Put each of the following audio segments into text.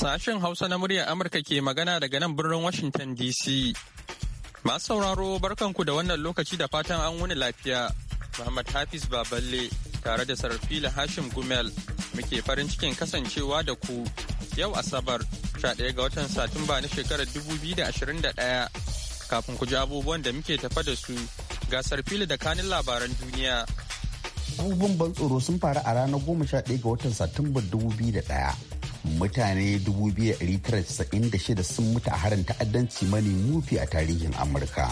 Sashen Hausa na muryar Amurka ke magana daga nan birnin Washington DC. Masu sauraro barkanku da wannan lokaci da fatan an wuni lafiya. Muhammad Hafiz Baballe tare da Sarfila Hashim Gumel muke farin cikin kasancewa da ku yau Asabar 11 ga watan Satumba na shekarar 2021 kafin ku ji abubuwan da muke tafa da su ga Sarfila da kanin labaran duniya. Abubuwan ban tsoro sun faru a ranar 11 ga watan Satumba 2001. mutane 2,996 sun mutu a harin ta'addanci mani mufi a tarihin amurka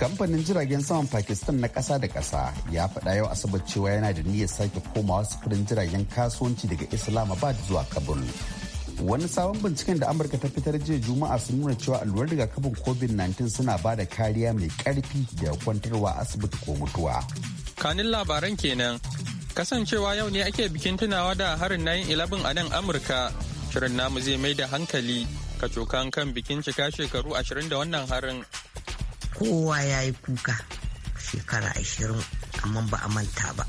kamfanin jiragen saman pakistan na kasa da kasa ya faɗa yau asabar cewa yana da niyyar sake komawa sufurin jiragen kasuwanci daga islamabad zuwa kabul wani sabon binciken da amurka ta fitar jiya juma'a sun nuna cewa allurar rigakafin covid-19 suna ba da kariya mai karfi da kwantarwa asibiti ko mutuwa kanin labaran kenan Kasancewa yau ne ake bikin tunawa da harin 9-11 a nan Amurka, shirin namu zai mai da hankali kacokan kan bikin cika shekaru 20 da wannan harin. Kowa ya yi kuka shekara 20 amma ba a manta ba.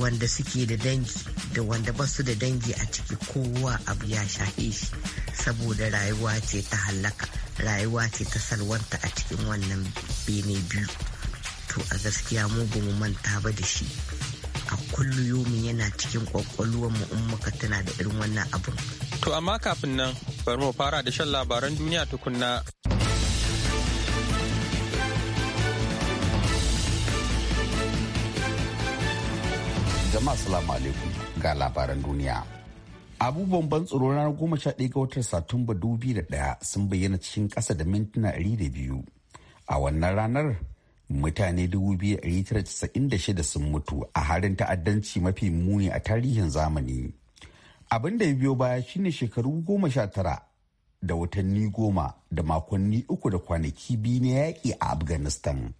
Wanda suke da dangi da wanda ba su da dangi a ciki kowa abu ya shahe shi saboda rayuwa ce ta hallaka rayuwa ce ta salwanta a cikin wannan bene biyu. To a gaskiya mu ba mu manta ba da shi. a kullu yomi yana cikin kwakwalwarmu in muka tana da irin wannan abun. To amma kafin nan bari mu fara da shan labaran duniya tukunna. Jama'a salamu alaikum ga labaran duniya. Abubuwan ban tsoro ranar goma sha ɗaya ga watan Satumba dubu da ɗaya sun bayyana cikin ƙasa da mintuna ɗari da biyu. A wannan ranar mutane 2,996 sun mutu a harin ta'addanci mafi muni a tarihin zamani abin da ya biyo baya shine shekaru goma sha tara da watanni goma da makonni uku da kwanaki biyu na yaƙi a afghanistan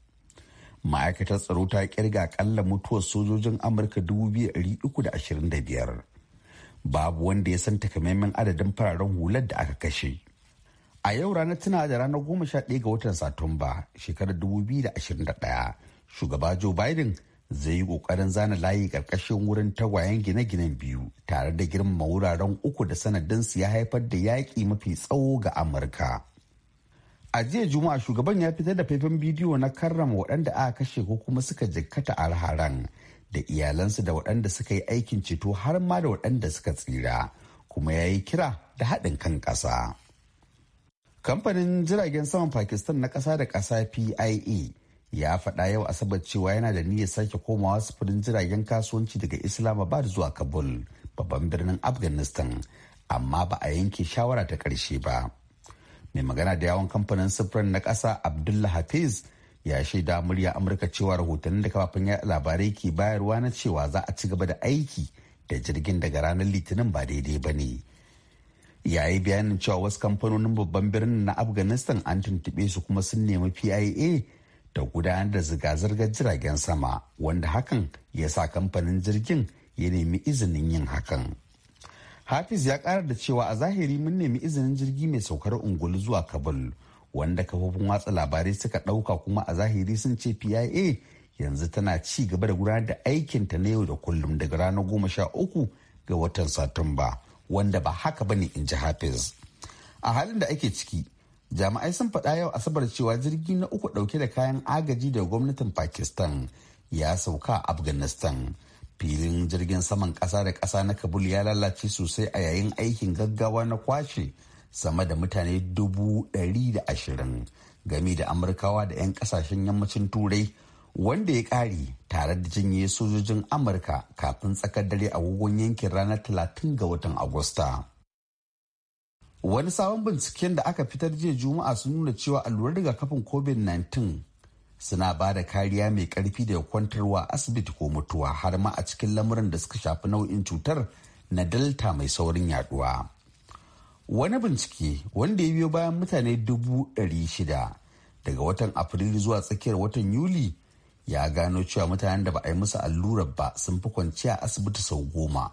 ma'aikatar tsaro ta kirga kalla mutuwar sojojin amurka 2,325 babu wanda ya san takamaiman adadin fararen hular da aka kashe a yau ranar tuna da ranar goma sha ɗaya ga watan satumba shekarar ɗaya shugaba joe biden zai yi ƙoƙarin zana layi ƙarƙashin wurin tagwayen gine-ginen biyu tare da girmama wuraren uku da sanadinsu ya haifar da yaƙi mafi tsawo ga amurka a jiya juma'a shugaban ya fitar da faifan bidiyo na karrama waɗanda aka kashe ko kuma suka jikkata alharan da iyalansu da waɗanda suka yi aikin ceto har ma da waɗanda suka tsira kuma ya yi kira da haɗin kan ƙasa. kamfanin jiragen saman pakistan na kasa da kasa pia ya faɗa yau asabar cewa yana da niyyar sake komawa sufurin jiragen kasuwanci daga islamabad zuwa kabul babban birnin afghanistan amma ba a yanke shawara ta ƙarshe ba mai magana da yawon kamfanin sufurin na ƙasa abdullah hafiz ya shaida murya amurka cewa rahotannin da kafafen yaɗa labarai ke bayarwa na cewa za a ci gaba da aiki da jirgin daga ranar litinin ba daidai ba ne ya yi bayanin cewa wasu kamfanonin babban birnin na afghanistan an tuntuɓe su kuma sun nemi pia da gudanar da zirga-zirgar jiragen sama wanda hakan ya sa kamfanin jirgin ya nemi izinin yin hakan hafiz ya ƙara da cewa a zahiri mun nemi izinin jirgi mai saukar ungulu zuwa kabul wanda kafofin watsa labarai suka ɗauka kuma a zahiri sun ce pia yanzu tana ci gaba da gudanar da aikinta na yau da kullum daga ranar goma sha uku ga watan satumba wanda ba haka ba ne in ji hafiz a halin da ake ciki jami'ai sun faɗa yau asabar cewa jirgi na uku ɗauke da kayan agaji da gwamnatin pakistan ya sauka a afghanistan filin jirgin saman ƙasa da ƙasa na kabul ya lalace sosai a yayin aikin gaggawa na kwashe sama da mutane dubu ɗari da ashirin gami da amurkawa da 'yan ƙasashen yammacin turai wanda ya ƙare tare da jinye sojojin amurka kafin tsakar dare a agogon yankin ranar talatin ga watan agusta wani sabon binciken da aka fitar jiya juma'a sun nuna cewa allurar rigakafin covid-19 suna ba da kariya mai karfi da kwantarwa asibiti ko mutuwa har ma a cikin lamuran da suka shafi nau'in cutar na delta mai saurin yaduwa wani bincike wanda ya biyo bayan mutane dubu shida daga watan afrilu zuwa tsakiyar watan yuli ya gano cewa mutanen da ba a yi musu allurar ba sun fi kwanciya asibiti sau goma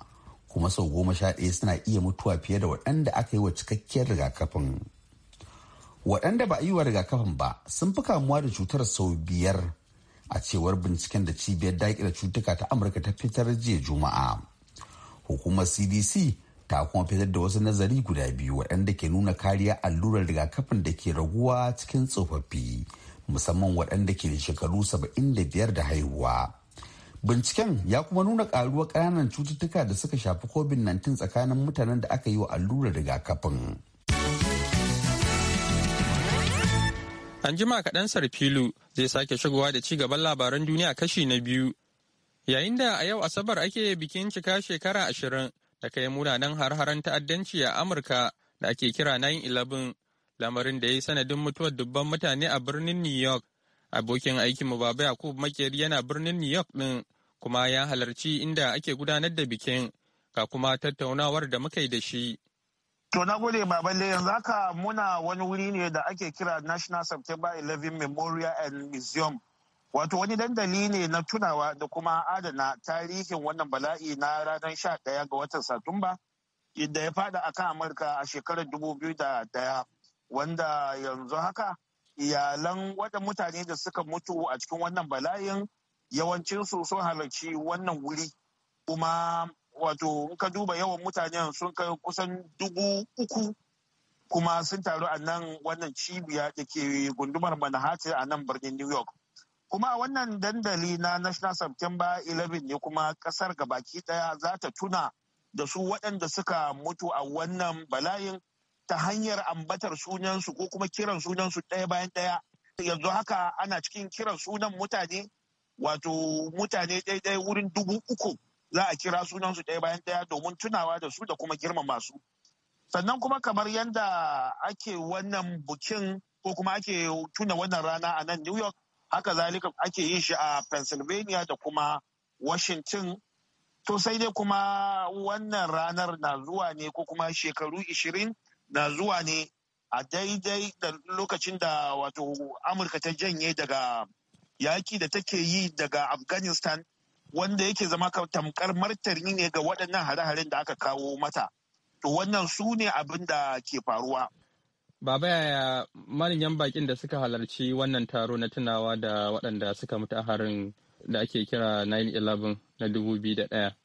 kuma sau goma sha ɗaya suna iya mutuwa fiye da waɗanda aka yi wa cikakkiyar rigakafin waɗanda ba a yi wa rigakafin ba sun fi kamuwa da cutar sau biyar a cewar binciken da cibiyar daƙila cutuka ta amurka ta fitar jiya juma'a hukumar cdc ta kuma fitar da wasu nazari guda biyu waɗanda ke nuna kariya allurar rigakafin da ke raguwa cikin tsofaffi musamman waɗanda ke da shekaru 75 da haihuwa. Binciken ya kuma nuna ƙaruwar ƙananan cututtuka da suka shafi COVID-19 tsakanin mutanen da aka yi wa allurar rigakafin. An jima kaɗan sarfilu zai sake shigowa da ci gaban labaran duniya kashi na biyu. Yayin da a yau Asabar ake bikin cika shekara ashirin da kai munanan har-haren ta'addanci a Amurka da ake kira 9-11 lamarin da ya yi sanadin mutuwar dubban mutane a birnin New York. Abokin aikinmu Baba Yakub Makeri yana birnin New York ɗin kuma ya halarci inda ake gudanar da bikin ga kuma tattaunawar da muka yi da shi. To na gode baballe yanzu haka muna wani wuri ne da ake kira National September 11 Memorial and Museum. Wato wani dandali ne na tunawa da kuma adana tarihin wannan bala'i na ranar 11 ga watan Satumba. da ya fada akan Amurka a shekarar 2001 wanda yanzu haka iyalan wada mutane da suka mutu a cikin wannan bala'in su sun halarci wannan wuri kuma wato in ka duba yawan mutanen sun kai kusan dubu uku kuma sun taru a nan wannan cibiya da ke gundumar manhattan a nan birnin new york kuma a wannan dandali na national september 11 ne kuma kasar gabaki daya za ta tuna da su waɗanda suka mutu a wannan bala'in ta hanyar ambatar sunansu ko kuma kiran sunansu ɗaya bayan ɗaya yanzu haka ana cikin kiran sunan mutane wato mutane ɗaiɗai wurin dubu uku za a kira sunansu ɗaya bayan ɗaya domin tunawa da su da kuma girma masu. sannan kuma kamar yadda ake wannan bukin ko kuma ake tuna wannan rana a nan new york haka zalika ake yin shi a pennsylvania da kuma washington to sai dai kuma wannan ranar na zuwa ne ko kuma shekaru ishirin na zuwa ne a daidai da lokacin da wato amurka ta janye daga yaƙi da take yi daga afghanistan wanda yake zama tamkar martani ne ga waɗannan hare-haren da aka kawo mata to wannan su ne abin da ke faruwa Baba yaya manyan bakin da suka halarci wannan taro na tunawa da waɗanda suka mutu a harin da ake kira 9-11 na 2001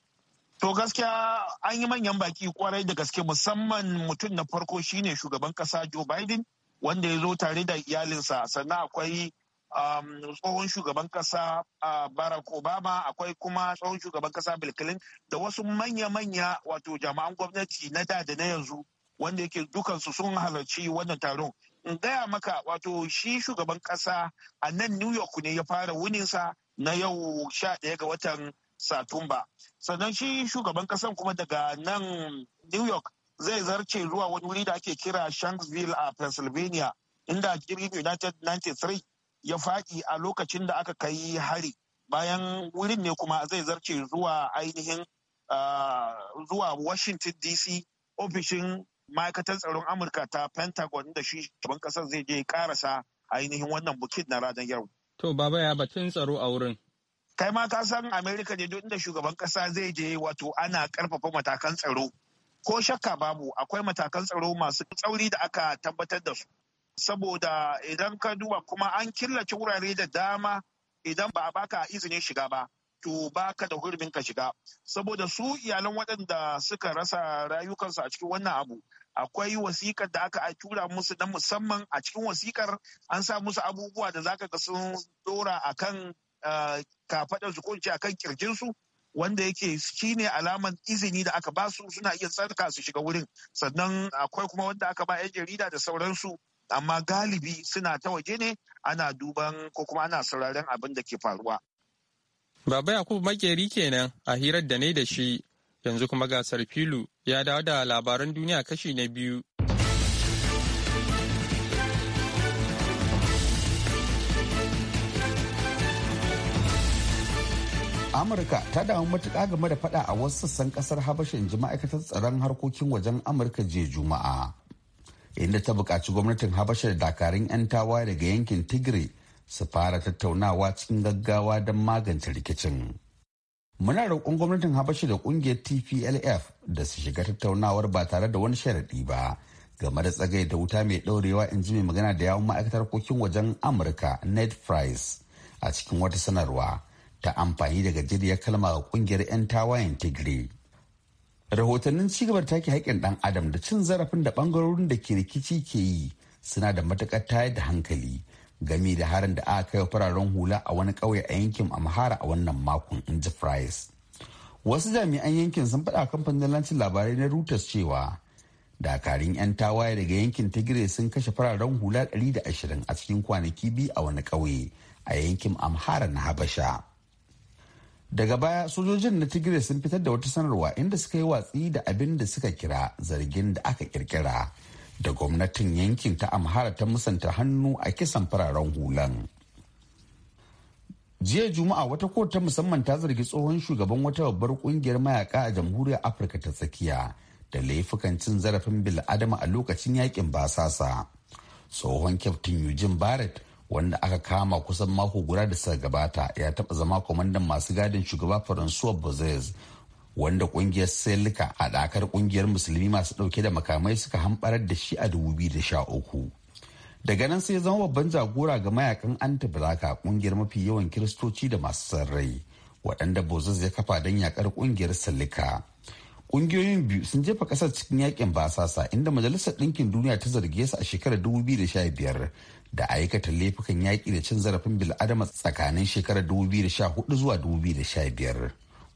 To gaskiya an yi manyan baki kwarai da gaske musamman mutum na farko shine shugaban kasa Joe Biden wanda ya zo tare da iyalinsa sannan akwai um, tsohon shugaban kasa Barack Obama akwai kuma tsohon shugaban kasa Bill Clinton da wasu manya-manya wato jama'an gwamnati na da da na yanzu wanda yake dukansu sun halarci wannan taron. In gaya maka wato shi shugaban kasa a nan New York ne ya fara wunin sa na yau sha ɗaya ga watan satumba sannan shi shugaban kasan kuma daga nan new york zai zarce zuwa wani wuri da ake kira shanksville a pennsylvania inda jirgin united 93 ya faɗi a lokacin da aka kai hari bayan wurin ne kuma zai zarce zuwa ainihin zuwa washington dc ofishin ma'aikatar tsaron amurka ta pentagon da shi shugaban kasar zai je karasa ainihin wannan bukin na ranar yau to baba ya batun tsaro a wurin kai ma ka san america ne duk inda shugaban kasa zai je wato ana karfafa matakan tsaro ko shakka babu akwai matakan tsaro masu tsauri da aka tabbatar da su saboda idan ka duba kuma an killace wurare da dama idan ba a baka izinin shiga ba to baka da hurumin ka shiga saboda su iyalan waɗanda suka rasa rayukansu a cikin wannan abu akwai wasikar da aka tura musu na musamman a cikin wasikar an sa musu abubuwa da zaka ga sun dora akan kafaɗar su ko a kan kirjinsu wanda yake shi ne alaman izini da aka basu suna iya tsarka su shiga wurin sannan akwai kuma wanda aka ba 'yan jarida da sauransu amma galibi suna ta waje ne ana duban ko kuma ana sauraren abin da ke faruwa. Baba Yakubu makeri kenan a hirar da ne da shi yanzu kuma gasar filu ya dawo da labaran duniya kashi na biyu. amurka ta damu matuƙa game da fada a wasu sassan ƙasar habasha inji ma'aikatar tsaron harkokin wajen amurka jiya juma'a inda ta buƙaci gwamnatin habasha da dakarun 'yan tawa daga yankin tigray su fara tattaunawa cikin gaggawa don magance rikicin muna roƙon gwamnatin habasha da ƙungiyar tplf da su shiga tattaunawar ba tare da wani sharaɗi ba game da tsagai da wuta mai ɗaurewa in ji mai magana da yawon ma'aikatar harkokin wajen amurka ned price a cikin wata sanarwa ta amfani da gajeriya kalma ga kungiyar 'yan tawayen tigray rahotannin cigabar take haƙƙin ɗan adam da cin zarafin da ɓangarorin da ke rikici ke yi suna da matuƙar tayar da hankali game da harin da aka kai fararen hula a wani ƙauye a yankin amhara a wannan makon in ji price wasu jami'an yankin sun faɗa kamfanin lancin labarai na reuters cewa dakarun 'yan tawaye daga yankin tigray sun kashe fararen hula 120 a cikin kwanaki biyu a wani ƙauye a yankin amhara na habasha daga baya sojojin na tigray sun fitar da wata sanarwa inda suka yi watsi da abin da suka kira zargin da aka kirkira da gwamnatin yankin ta amhara ta musanta hannu a kisan fararen hulan jiya juma'a wata kotu ta musamman ta zargi tsohon shugaban wata babbar kungiyar mayaka a jamhuriyar afirka ta tsakiya da laifukan cin zarafin bil'adama a lokacin yakin basasa tsohon kyaftin eugene barrett wanda aka kama kusan mako guda da suka gabata ya taɓa zama kwamandan masu gadin shugaba faransuwa bozes wanda kungiyar selika dakar kungiyar musulmi masu ɗauke da makamai suka hamɓarar da shi a sha uku. daga nan sai zama babban jagora ga mayakan antibraka kungiyar mafi yawan kiristoci da masu sarrai waɗanda bozes ya kafa don yakar kungiyar selika kungiyoyin biyu sun jefa kasar cikin yakin basasa inda majalisar ɗinkin duniya ta zarge su a shekarar biyar. da aikata laifukan yaƙi da cin zarafin bil'adama tsakanin shekarar 2014 zuwa 2015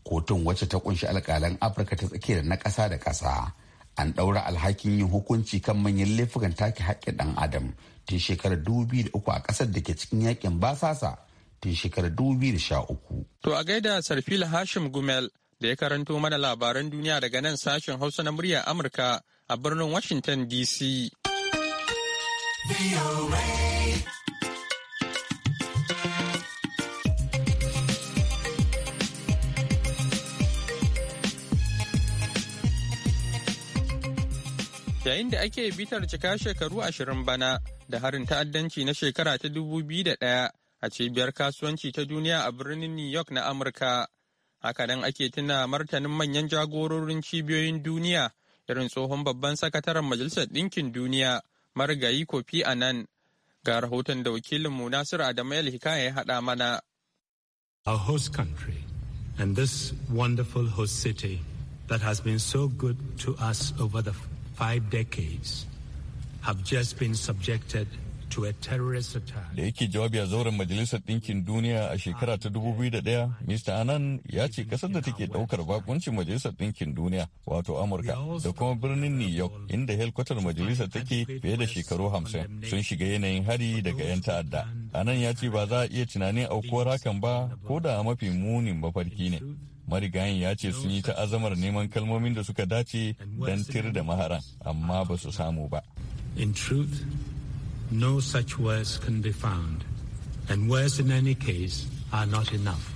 kotun wacce ta kunshi alƙalan afirka ta tsakiya da na ƙasa da ƙasa an ɗaura alhakin yin hukunci kan manyan laifukan take haƙƙin ɗan adam tun shekarar 2003 a ƙasar da ke cikin yaƙin basasa tun shekarar 2013. To a gaida Sarfila Hashim Gumel da ya karanto mana labaran duniya daga nan sashen Hausa na muryar Amurka a birnin Washington DC. Yayin da ake bitar cika shekaru ashirin bana da harin ta'addanci na shekara ta dubu biyu da ɗaya a cibiyar kasuwanci ta duniya a birnin New York na Amurka. haka Hakanan ake tuna martanin manyan jagororin cibiyoyin duniya irin tsohon babban sakataren Majalisar Ɗinkin Duniya marigayi kofi a nan ga rahoton da wakilinmu nasiru adamu el hikaya ya haɗa mana a host country and this wonderful host city that has been so good to us over the five decades have just been subjected Da yake jawabi a zauren Majalisar Ɗinkin Duniya a shekara ta 2001, Mr. Anan ya ce kasar da take ɗaukar bakuncin Majalisar Ɗinkin Duniya, wato Amurka, da kuma birnin New York, inda helkwatar majalisar take fiye da shekaru hamsin sun shiga yanayin hari daga 'yan ta'adda. Anan ya ce ba za a iya tunanin aukuwar hakan ba ko da mafi munin mafarki ne. marigayin ya ce sun yi ta azamar neman kalmomin da suka dace don tir da maharan amma ba su samu ba. In truth, no such words can be found, and words in any case are not enough.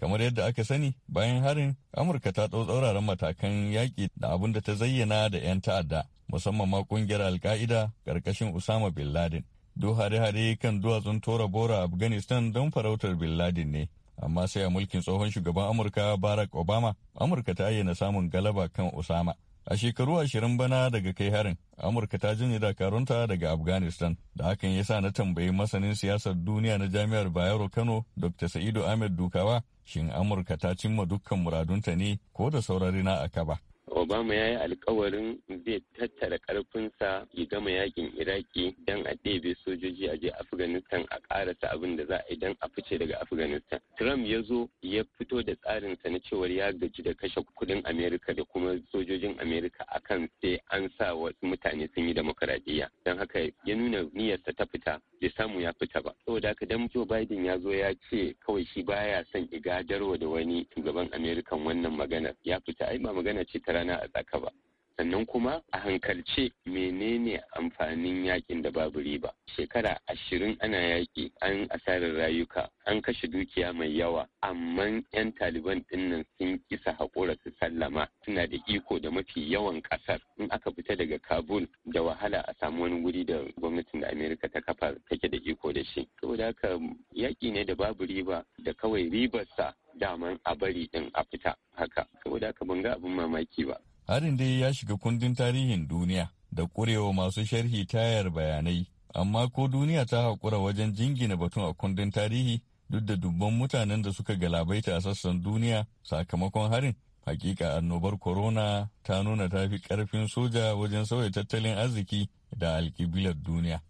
kamar yadda aka sani bayan harin amurka ta tsauraran matakan yaƙi da abun da ta zayyana da 'yan ta'adda musamman ma ƙungiyar alka'ida ƙarƙashin usama bin laden duk hare-hare kan duwatsun tora bora afghanistan don farautar bin laden ne amma sai a mulkin tsohon shugaban amurka barack obama amurka ta ayyana samun galaba kan usama A shekaru ashirin bana daga kai harin, Amurka ta jinye dakarunta daga Afghanistan, da hakan ya sa na tambayi masanin siyasar duniya na Jami'ar Bayero Kano, Dr. Sa'idu Ahmed Dukawa, shin Amurka ta cimma dukkan muradunta ne ko da saurari na aka ba? obama ya yi alkawarin zai tattara karfinsa ya gama yakin iraki don a ɗebe sojoji a je afghanistan a ƙarasa abin da za a yi don a fice daga afghanistan trump ya zo ya fito da tsarinsa na cewar ya gaji da kashe kudin amerika da kuma sojojin amerika a kan sai an sa wasu mutane sun yi demokaradiyya don haka ya nuna niyyarsa ta fita bai samu ya fita ba saboda haka dan Joe Biden ya zo ya ce kawai shi baya son igadarwa da wani shugaban Amerikan wannan maganar ya fita ai ba magana ce ta rana a tsaka ba sannan kuma a hankalce menene amfanin yakin da babu riba shekara ashirin ana yaƙi an asarar rayuka an kashe dukiya mai yawa amma 'yan taliban dinnan sun kisa haƙura su sallama suna da iko da mafi yawan ƙasar in aka fita daga kabul da wahala a samu wani wuri da gwamnatin da amerika ta kafa take da iko da shi saboda haka yaƙi ne da babu riba da kawai ribarsa daman a bari din a fita haka saboda haka ban ga abin mamaki ba Harin dai ya shiga kundin tarihin duniya da kurewa masu sharhi tayar bayanai, amma ko duniya ta haƙura wajen jingina batun a kundin tarihi duk da dubban mutanen da suka galabaita a sassan duniya sakamakon harin. Hakika annobar corona ta nuna ta fi karfin soja wajen sauya tattalin arziki da alkibilar duniya.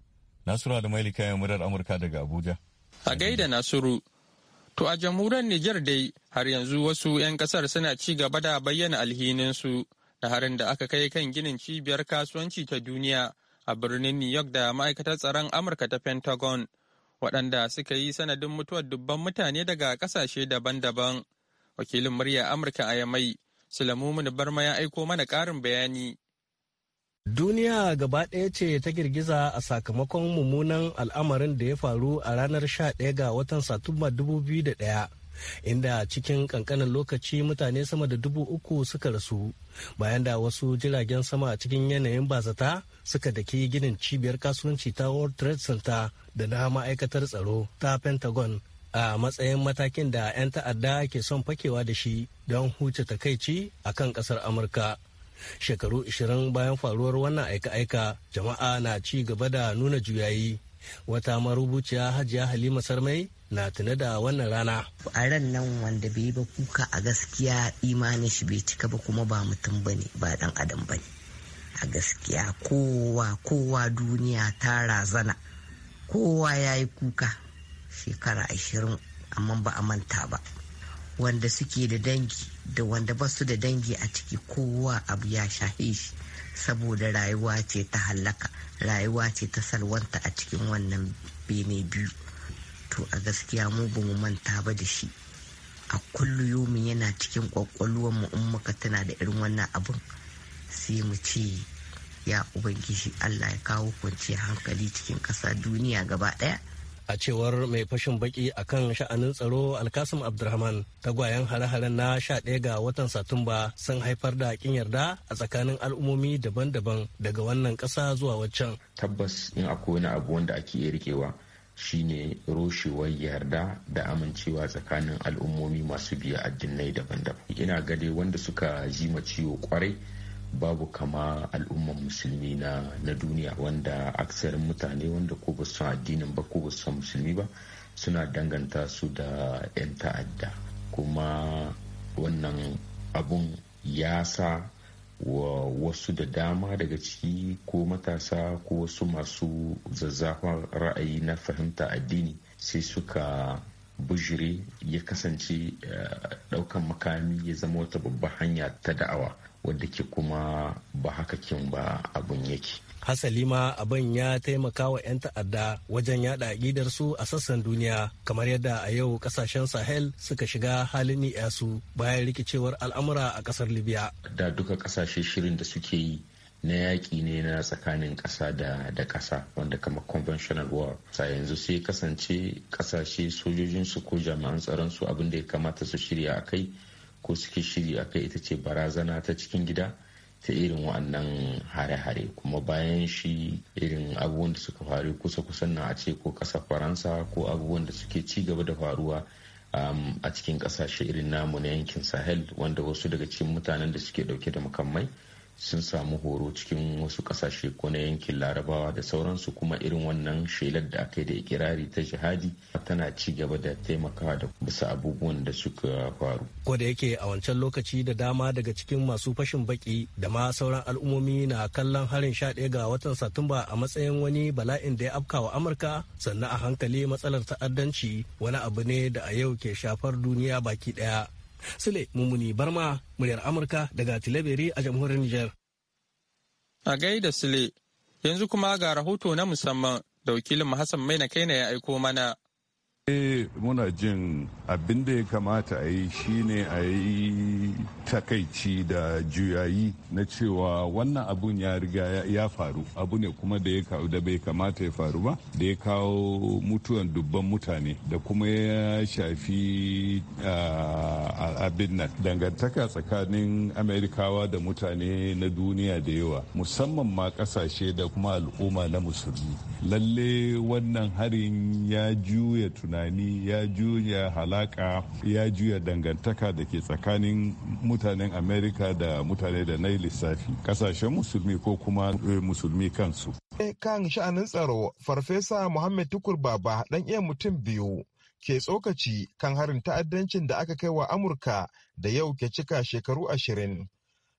Nasiru da Mailika kayan murar Amurka daga Abuja. A gaida Nasiru, To a jamhuriyar Nijar dai har yanzu wasu 'yan kasar suna ci gaba da bayyana alhinin su da harin da aka kai kan ginin cibiyar kasuwanci ta duniya a birnin New York da ma'aikatar tsaron Amurka ta Pentagon, waɗanda suka yi sanadin mutuwar dubban mutane daga ƙasashe daban-daban. Wakilin murya Amurka a Yamai, Sulamumun Barma ya aiko mana ƙarin bayani. Duniya gaba ɗaya ce ta girgiza a sakamakon mummunan al'amarin da ya faru a ranar 11 ga watan Satumba 2001 inda cikin kankanin lokaci mutane sama da dubu uku suka rasu bayan da wasu jiragen sama a cikin yanayin bazata suka daki ginin cibiyar kasuwanci ta world trade center da na ma'aikatar tsaro ta pentagon a matsayin matakin da 'yan ta'adda ke son fakewa da shi don huce takaici a kan kasar amurka shekaru 20 bayan faruwar wannan aika-aika jama'a na ci gaba da nuna juyayi wata marubuciya hajiya halima sarmai na tuna da wannan rana. A ran nan wanda bai ba kuka a gaskiya imanin shi bai cika ba kuma ba mutum ba ne ba dan adam ba ne. A gaskiya kowa kowa duniya ta razana kowa ya yi kuka shekara ashirin amma ba a manta ba. Wanda suke da dangi da wanda ba su da dangi a ciki kowa abu ya shahe shi saboda rayuwa ce ta hallaka rayuwa ce ta salwanta a cikin wannan bene biyu. to a gaskiya mu ba mu manta ba da shi a kulliyomi yana cikin mu in muka tana da irin wannan abin sai mu ce ya ubangiji allah ya kawo kwanciyar hankali cikin ƙasa duniya gaba ɗaya a cewar mai fashin baki kan sha'anin tsaro alkasim abdulrahman tagwayen hare-haren na 11 ga watan satumba sun haifar da kin yarda a tsakanin al'ummomi daban-daban daga wannan ƙasa zuwa waccan tabbas in akwai wani abu wanda ake rikewa shine roshewar yarda da amincewa tsakanin al'ummomi masu biya addinai daban-daban ina gade wanda suka ji ciwo kwarai babu kama al'umman musulmi na na duniya wanda aksarin mutane wanda ko ba su addinin ba ko ba su musulmi ba suna danganta su da 'yan ta'adda kuma wannan abun ya sa wa wasu da dama daga ciki ko matasa ko wasu masu zazzafan ra'ayi na fahimta addini sai suka bujire ya kasance daukan eh, makami ya zama wata babban hanya ta da'awa wadda ke kuma ba haka kin ba abun yake hasali ma abin ya taimaka wa 'yan ta'adda wajen yada aƙidar su a sassan duniya kamar yadda a yau kasashen sahel suka shiga halin yasu bayan rikicewar al'amura a ƙasar libya da duka kasashe shirin da suke yi na yaƙi ne na tsakanin ƙasa da ƙasa wanda kama conventional war sa yanzu sai kasance ƙasashe sojojinsu ko jami'an tsaron su abin da ya kamata su shirya a kai ko suke shirya a kai ita ce barazana ta cikin gida ta irin wa'annan hare-hare kuma bayan shi irin abubuwan da suka faru kusa-kusan na a ce ko ƙasa faransa ko abubuwan da suke ci gaba da faruwa um, a cikin ƙasashe irin namu na yankin sahel wanda wasu daga cikin mutanen da suke dauke da makamai sun samu horo cikin wasu kasashe ko na yankin larabawa da sauransu kuma irin wannan shelar da aka yi da ikirari ta jihadi tana ci gaba da taimakawa da bisa abubuwan da suka faru. Ko da yake a wancan lokaci da dama daga cikin masu fashin baki da ma sauran al'ummomi na kallon harin sha ɗaya ga watan Satumba a matsayin wani bala'in da ya afka wa Amurka sannan a hankali matsalar ta'addanci wani abu ne da a yau ke shafar duniya baki ɗaya. Sule Mummuni Barma, muryar Amurka daga Tilaberi a jamhuriyar Nijar. A gaida Sule, yanzu kuma ga rahoto na musamman da wakilin Hassan Maina na ya aiko mana. Eh, muna jin abin da ya kamata a yi shine a yi takaici da juyayi na cewa wannan abun ya riga ya faru abu ne kuma da ya kawo da bai kamata ya faru ba da ya kawo mutuwan dubban mutane da kuma ya shafi ah, abin nan dangantaka tsakanin amerikawa da mutane na duniya da yawa musamman ma kasashe da kuma al'umma na musulmi lalle wannan harin ya juya tunani tunani ya juya halaka ya juya dangantaka da ke tsakanin mutanen amerika da mutane da na lissafi kasashen musulmi ko kuma eh, musulmi kansu e, kan sha'anin tsaro farfesa muhammad tukur baba dan iya mutum biyu ke tsokaci kan harin ta'addancin da aka kai wa amurka da yau ke cika shekaru ashirin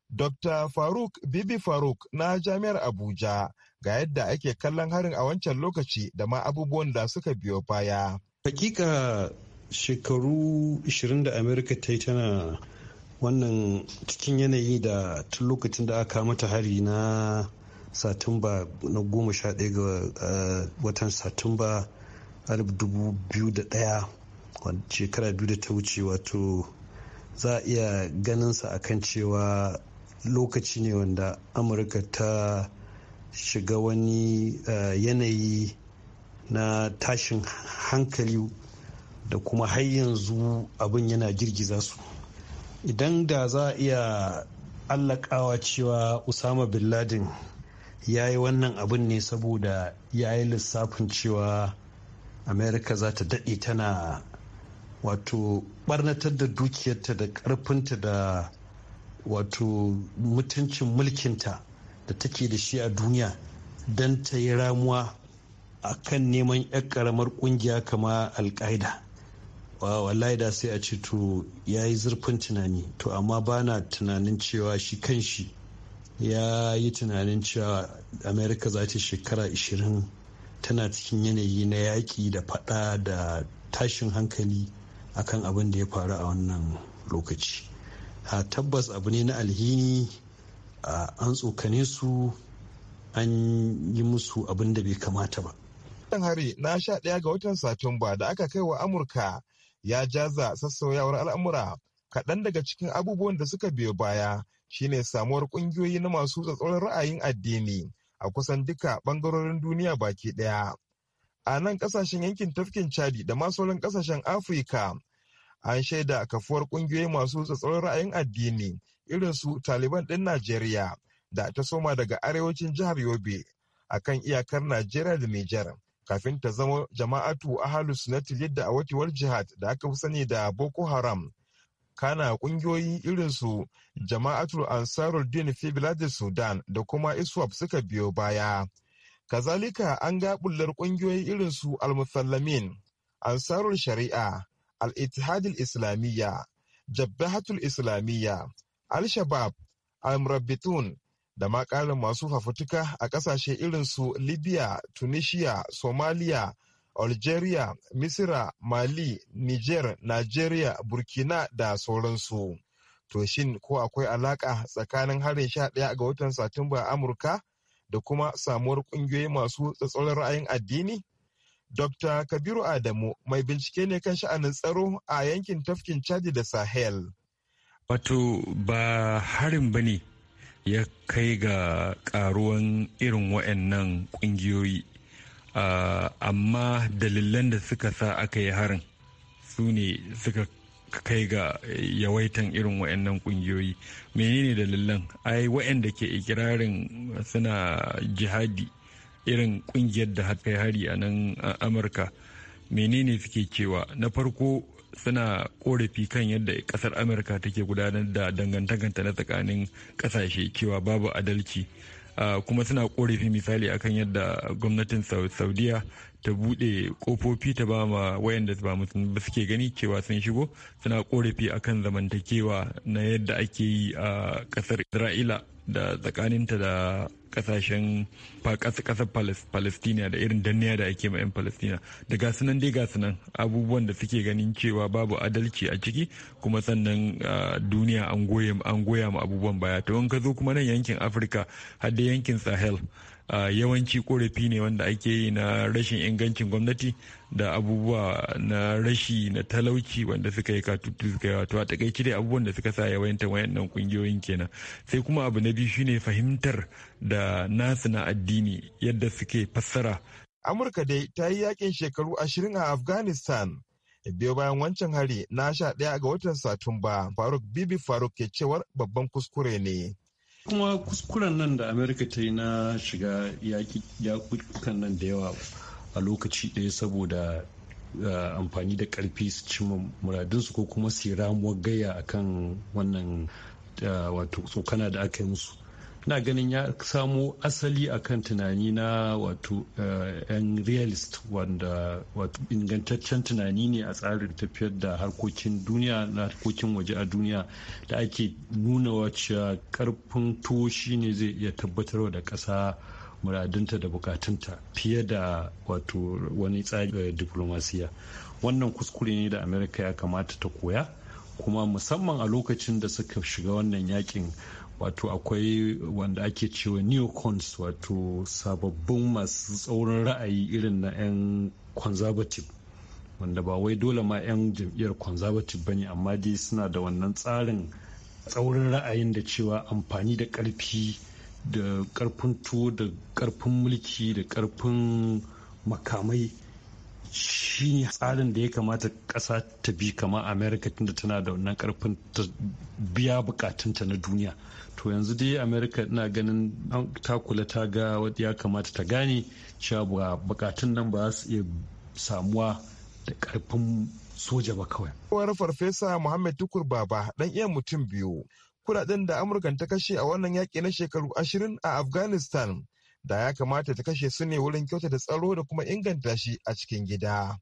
Dr. Faruk Bibi Faruk na Jami'ar Abuja ga yadda ake kallon harin a wancan lokaci da ma abubuwan da suka biyo baya. hakika shekaru 20 da amerika ta yi tana wannan cikin yanayi da tun lokacin da aka mata hari na satumba na goma ga eh, watan satumba 2001 dubu shekara biyu da ta wuce wato za a iya ganinsa akan cewa lokaci ne wanda amurka ta shiga wani eh, yanayi na tashin hankali da kuma har yanzu abin yana girgiza su idan da za a iya allakawa cewa usama bin laden ya yi wannan abin ne saboda ya yi lissafin cewa amerika za ta daɗe tana wato barnatar da dukiyarta da ƙarfinta da wato mutuncin mulkinta da take da shi a duniya don ta yi ramuwa a kan neman 'yan karamar kungiya kama alkaida wallahi da sai a ce to ya yi zurfin tunani to amma ba na tunanin cewa shi kan shi ya yi tunanin cewa amerika za ta shekara 20 tana cikin yanayi na yaƙi da fada da tashin hankali akan abin da ya faru a wannan lokaci a tabbas abu ne na alhini an tsokane su an yi musu abin da bai kamata ba Wannan hari na sha ɗaya ga watan Satumba da aka kai wa Amurka ya jaza sassauyawar al'amura kaɗan daga cikin abubuwan da suka biyo baya shine samuwar ƙungiyoyi na masu tsatsauran ra'ayin addini a kusan duka ɓangarorin duniya baki ɗaya. A nan ƙasashen yankin tafkin Chadi da masolan ƙasashen Afirka an shaida kafuwar ƙungiyoyi masu tsatsauran ra'ayin addini irin su Taliban ɗin Najeriya da ta soma daga arewacin jihar Yobe akan iyakar Najeriya da Nijar. kafin ta zama jama'atu ahalus sunnatul yadda a watewar jihad da aka fi sani da boko haram kana kungiyoyi irin su jama'atul ansarul din fi biladis sudan da kuma iswap suka biyo baya kazalika an ga bullar kungiyoyi irin su ansarul shari'a al-ittihadul islamiyya jabbahatul islamiyya al-shabab al-murabbitun da ma ƙarin masu fafutuka a ƙasashe irin su libya tunisia somalia algeria misira mali niger nigeria burkina da sauransu to shin ko akwai alaƙa tsakanin harin sha ɗaya ga watan satumba a amurka da kuma samuwar ƙungiyoyi masu tsatsauran ra'ayin addini dr kabiru adamu mai bincike ne kan sha'anin tsaro a yankin tafkin chadi da sahel wato ba harin ba ne ya kai ga karuwan irin waɗannan ƙungiyoyi amma dalilan da suka sa aka yi harin su ne suka kai ga yawaitan irin waannan ƙungiyoyi menene dalilan ai waɗanda ke ikirarin suna jihadi irin ƙungiyar da kai hari a nan amurka menene suke cewa na farko suna korafi kan yadda kasar amurka take gudanar da dangantakanta na tsakanin kasashe cewa babu adalci ah, kuma suna korafi misali akan yadda gwamnatin saudiya ta buɗe kofofi ta ba ma wayanda ba mutum ba suke gani cewa sun shigo suna korafi kan zamantakewa na yadda ake yi a ƙasar isra'ila da tsakaninta da kasashen kasar palestina da irin danniya da ake ma 'yan palestina da gasunan dai gasunan abubuwan da suke ganin cewa babu adalci a ciki kuma sannan duniya an goya ma abubuwan baya ta wanka ka zo kuma nan yankin afirka har da yankin sahel yawanci korafi ne wanda ake yi na rashin ingancin gwamnati da abubuwa na rashi na talauci wanda suka yi katutu suka yi wato a takaici dai abubuwan da suka sa yawanta wayannan kungiyoyin kenan sai kuma abu na biyu shine fahimtar da nasu na addini yadda suke fassara amurka dai ta yi yakin shekaru ashirin a afghanistan biyo bayan wancan hari na sha ɗaya ga watan satumba faruk bibi faruk ke cewar babban kuskure ne kuma kuskuren nan da amerika ta yi na shiga yakukan nan da yawa a lokaci ɗaya saboda eh, amfani da ƙarfi su cimma muradinsu ko kuma su ramuwar gaya akan wannan eh, wato tsokana da aka yi musu na ganin ya samo asali a kan tunani na wato eh, yan realist wanda wato ingantaccen tunani ne a tsarin tafiyar da harkokin duniya na harkokin waje a duniya da ake nuna wacce karfin tuwo ne zai iya tabbatarwa da ƙasa muradinta da bukatunta fiye da wato wani tsarin eh, diplomasiya wannan kuskure ne da amerika ya kamata ta koya kuma musamman a lokacin da suka shiga wannan yakin wato akwai wanda ake cewa neocons wato sababbin masu tsaurin ra'ayi irin na 'yan conservative wanda ba wai dole ma 'yan jam'iyyar conservative bane amma dai suna da wannan tsarin tsaurin ra'ayin da cewa amfani da karfi da karfin tuwo da karfin mulki da karfin makamai shi ne tsarin da ya kamata ƙasa ta bi kama america tunda tana da wannan karfin ta biya bukatunta na duniya to yanzu dai Amerika ina ganin an takula ta ga ya kamata ta gane cewa bukatun nan ba su iya samuwa da karfin soja ba kawai. Kowar farfesa Muhammad Tukur Baba dan iya mutum biyu. Kudaden da Amurkan ta kashe a wannan yaƙi na shekaru ashirin a Afghanistan da ya kamata ta kashe su ne wurin kyautata tsaro da kuma inganta shi a cikin gida.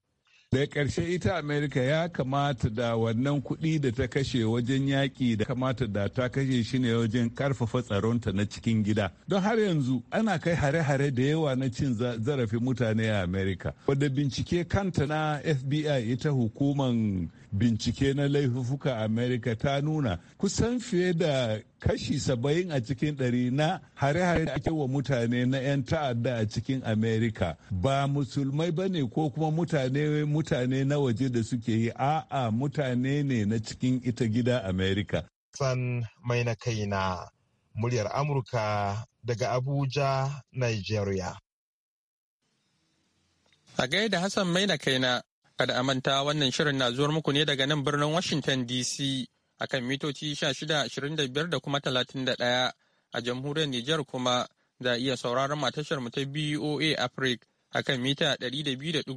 da ƙarshe ita amerika ya kamata da wannan kuɗi da ta kashe wajen yaki da kamata da ta kashe shi ne wajen ƙarfafa tsaronta na cikin gida don har yanzu ana kai hare-hare da yawa na cin zarafin mutane a amerika wadda bincike kanta na fbi ita hukumar bincike na laifuka amerika ta nuna kusan fiye da kashi saba'in a cikin ɗari na hare-hare da ake wa mutane na 'yan ta'adda a cikin amerika ba musulmai ba ne ko kuma mutane mutane na waje da suke yi a'a mutane ne na cikin ita gida amerika san mai na kaina muryar amurka daga abuja nigeria a gaida hassan mai na kaina kada a wannan shirin na zuwar muku ne daga nan birnin washington dc akan mitoci 1625 da kuma 31 a jamhuriyar Nijar kuma za a iya sauraron matashar mu ta BOA Africa akan mita 200.5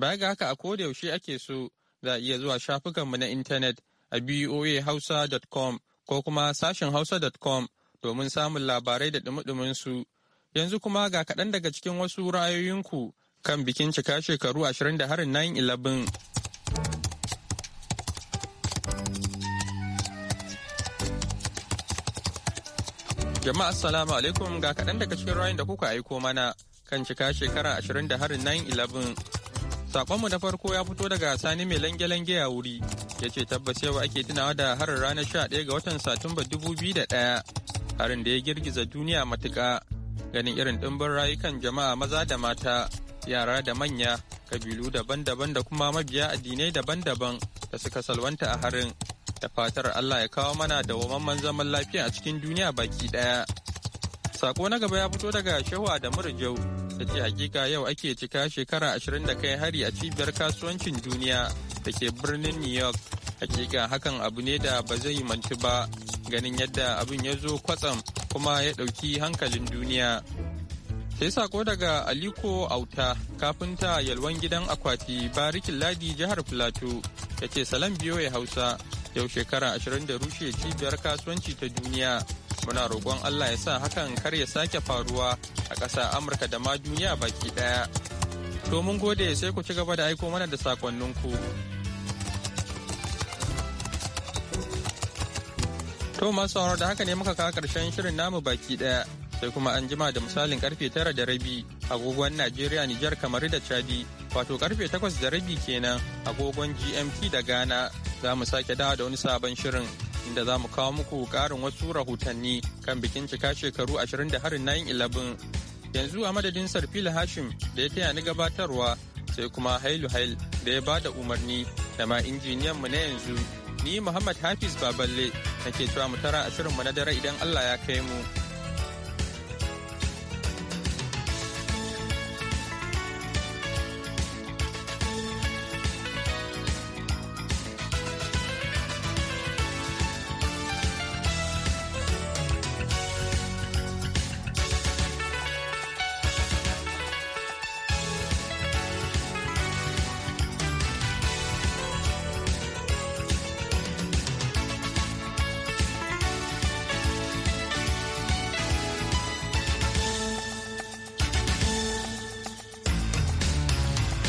baya ga haka a koda yaushe ake so za a iya zuwa shafukanmu na intanet a boahausa.com ko kuma sashen hausa.com domin samun labarai da dumi su yanzu kuma ga kaɗan daga cikin wasu ra'ayoyinku kan bikin cika shekaru ashirin da harin 9-11. Jama'a assalamu alaikum ga kaɗan daga cikin ra'ayin da kuka aiko mana kan cika shekara ashirin da harin 9-11. Sakonmu na farko ya fito daga sani mai lange-lange a wuri ya ce tabbas yau ake tunawa da harin ranar 11 ga watan Satumba da ɗaya, harin da ya girgiza duniya matuƙa ganin irin ɗimbin rayukan jama'a maza da mata yara da manya kabilu daban-daban da kuma mabiya addinai daban-daban da suka salwanta a harin da fatar Allah ya kawo mana da wamman zaman lafiya a cikin duniya baki daya. Sako na gaba ya fito daga Shehu da murjau da ce hakika yau ake cika shekara ashirin da kai hari a cibiyar kasuwancin duniya da ke birnin New York. Hakika hakan abu ne da ba zai mantu ba ganin yadda abin ya zo kwatsam kuma ya ɗauki hankalin duniya. Sai sako daga Aliko Auta, kafinta yalwan gidan akwati barikin ladi jihar Filato, ya ce salam biyo ya hausa yau shekara ashirin da rushe cibiyar kasuwanci ta duniya muna roƙon allah ya sa hakan kar ya sake faruwa a ƙasa amurka da ma duniya baki ɗaya to mun gode sai ku ci gaba da aiko mana da sakonninku to masu da haka ne muka kawo karshen shirin namu baki ɗaya sai kuma an jima da misalin karfe tara da rabi agogon Najeriya Nijar kamar da Chadi wato karfe takwas da rabi kenan agogon GMT da Ghana za mu sake dawa da wani sabon shirin inda za mu kawo muku karin wasu rahotanni kan bikin cika shekaru ashirin da harin 9-11 yanzu a madadin sarfila hashim da ya taya ni gabatarwa sai kuma hailu hail da ya bada umarni da ma injiniyan mu na yanzu ni muhammad hafiz baballe nake cewa mu tara a mu na dare idan allah ya kai mu